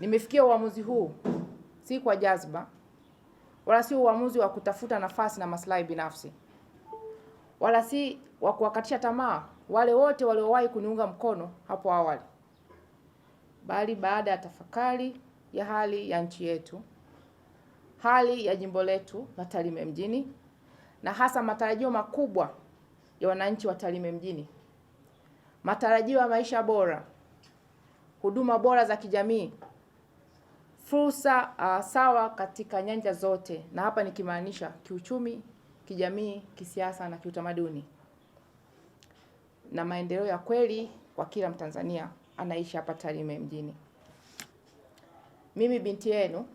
Nimefikia uamuzi huu si kwa jazba wala si uamuzi wa kutafuta nafasi na maslahi binafsi wala si wa kuwakatisha tamaa wale wote waliowahi kuniunga mkono hapo awali, bali baada ya tafakari ya hali ya nchi yetu, hali ya jimbo letu la Tarime mjini, na hasa matarajio makubwa ya wananchi wa Tarime mjini, matarajio ya maisha bora, huduma bora za kijamii fursa uh, sawa katika nyanja zote, na hapa nikimaanisha kiuchumi, kijamii, kisiasa na kiutamaduni, na maendeleo ya kweli kwa kila Mtanzania anaishi hapa Tarime mjini. Mimi binti yenu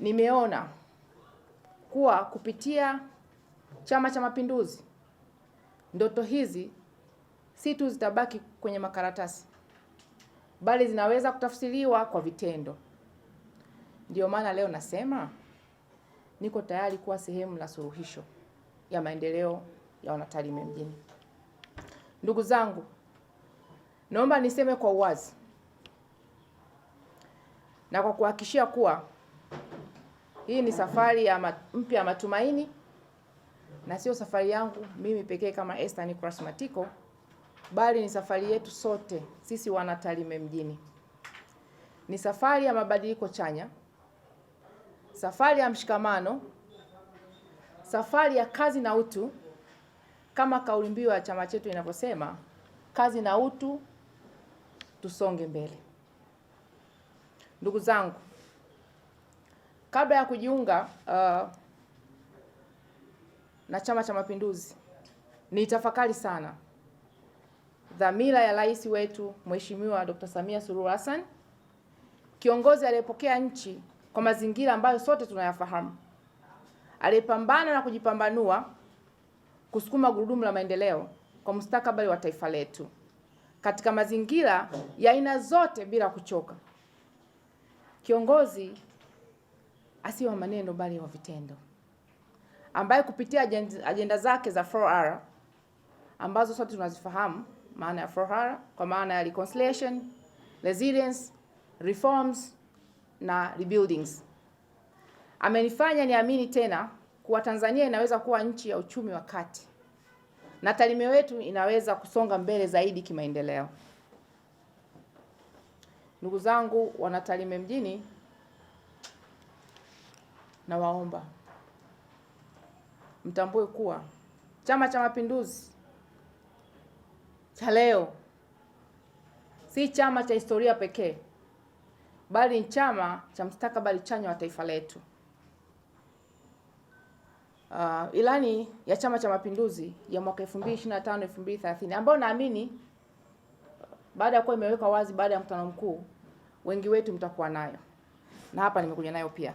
nimeona kuwa kupitia Chama cha Mapinduzi ndoto hizi si tu zitabaki kwenye makaratasi bali zinaweza kutafsiriwa kwa vitendo. Ndiyo maana leo nasema niko tayari kuwa sehemu la suluhisho ya maendeleo ya Wanatalime mjini. Ndugu zangu, naomba niseme kwa uwazi na kwa kuhakikishia kuwa hii ni safari ya mpya ya matumaini na sio safari yangu mimi pekee kama Esther Nicholas Matiko bali ni safari yetu sote sisi wana Tarime mjini. Ni safari ya mabadiliko chanya, safari ya mshikamano, safari ya kazi na utu, kama kauli mbiu ya chama chetu inavyosema, kazi na utu, tusonge mbele. Ndugu zangu, kabla ya kujiunga uh, na Chama cha Mapinduzi, nitafakari sana dhamira ya rais wetu Mheshimiwa Dr. Samia Suluhu Hassan, kiongozi aliyepokea nchi kwa mazingira ambayo sote tunayafahamu, aliyepambana na kujipambanua kusukuma gurudumu la maendeleo kwa mustakabali wa taifa letu katika mazingira ya aina zote bila kuchoka, kiongozi asiye wa maneno bali wa vitendo, ambaye kupitia ajenda zake za 4R ambazo sote tunazifahamu maana ya forhara kwa maana ya reconciliation, resilience, reforms na rebuildings. Amenifanya niamini tena kuwa Tanzania inaweza kuwa nchi ya uchumi wa kati na Tarime wetu inaweza kusonga mbele zaidi kimaendeleo. Ndugu zangu wana Tarime mjini, nawaomba mtambue kuwa Chama cha Mapinduzi cha leo si chama cha historia pekee, bali ni chama cha mstakabali chanya wa taifa letu. Uh, ilani ya Chama cha Mapinduzi ya mwaka 2025 2030 ambayo naamini baada ya kuwa imewekwa wazi baada ya mkutano mkuu, wengi wetu mtakuwa nayo na hapa nimekuja nayo pia.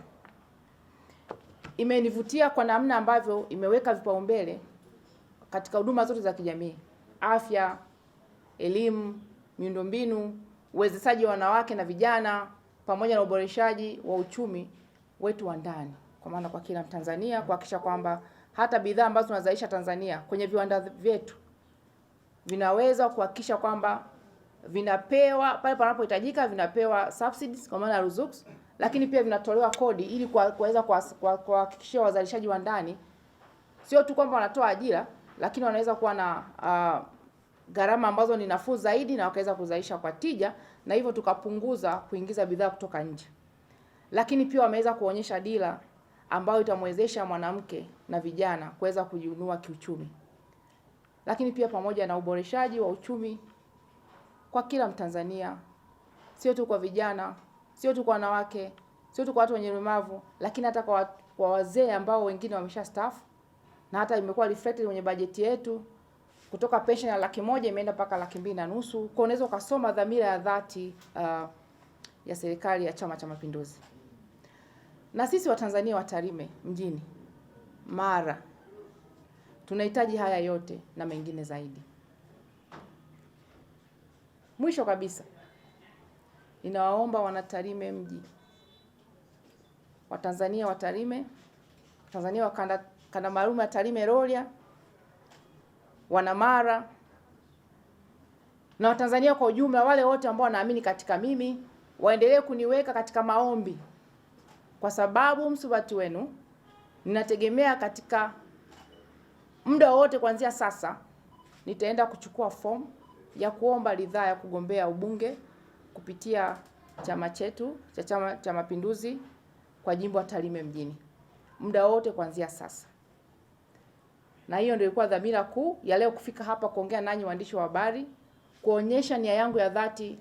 Imenivutia kwa namna ambavyo imeweka vipaumbele katika huduma zote za kijamii, afya elimu, miundombinu, uwezeshaji wa wanawake na vijana, pamoja na uboreshaji wa uchumi wetu wa ndani, kwa maana kwa kila Mtanzania kuhakikisha kwamba hata bidhaa ambazo tunazalisha Tanzania kwenye viwanda vyetu vinaweza kuhakikisha kwamba vinapewa pale panapohitajika, vinapewa subsidies kwa maana ruzuku, lakini pia vinatolewa kodi ili kuweza kuhakikishia wazalishaji wa ndani sio tu kwamba wanatoa ajira, lakini wanaweza kuwa na uh, gharama ambazo ni nafuu zaidi na wakaweza kuzalisha kwa tija, na hivyo tukapunguza kuingiza bidhaa kutoka nje. Lakini pia wameweza kuonyesha dira ambayo itamwezesha mwanamke na vijana kuweza kujiunua kiuchumi, lakini pia pamoja na uboreshaji wa uchumi kwa kila Mtanzania, sio tu kwa vijana, sio tu kwa wanawake, sio tu kwa watu wenye ulemavu, lakini hata kwa, kwa wazee ambao wengine wameshastaafu na hata imekuwa reflected kwenye bajeti yetu kutoka pension ya laki moja imeenda mpaka laki mbili na nusu. Kwa unaweza ukasoma dhamira ya dhati uh, ya serikali ya Chama cha Mapinduzi. Na sisi Watanzania wa Tarime mjini Mara tunahitaji haya yote na mengine zaidi. Mwisho kabisa, ninawaomba wanatarime mji, Watanzania wa Tarime, Watanzania wa kanda, kanda maalum ya Tarime Rorya Wanamara na Watanzania kwa ujumla, wale wote ambao wanaamini katika mimi waendelee kuniweka katika maombi, kwa sababu msubati wenu ninategemea katika muda wowote kuanzia sasa nitaenda kuchukua fomu ya kuomba ridhaa ya kugombea ubunge kupitia chama chetu cha Chama cha Mapinduzi kwa jimbo la Tarime mjini, muda wowote kuanzia sasa na hiyo ndio ilikuwa dhamira kuu ya leo kufika hapa kuongea nanyi waandishi wa habari, kuonyesha nia yangu ya dhati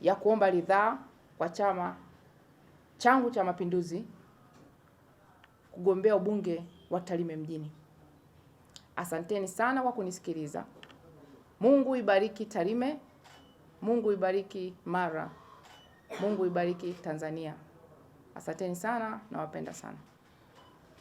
ya kuomba ridhaa kwa chama changu cha Mapinduzi kugombea ubunge wa Tarime mjini. Asanteni sana kwa kunisikiliza. Mungu ibariki Tarime, Mungu ibariki Mara, Mungu ibariki Tanzania. Asanteni sana, nawapenda sana.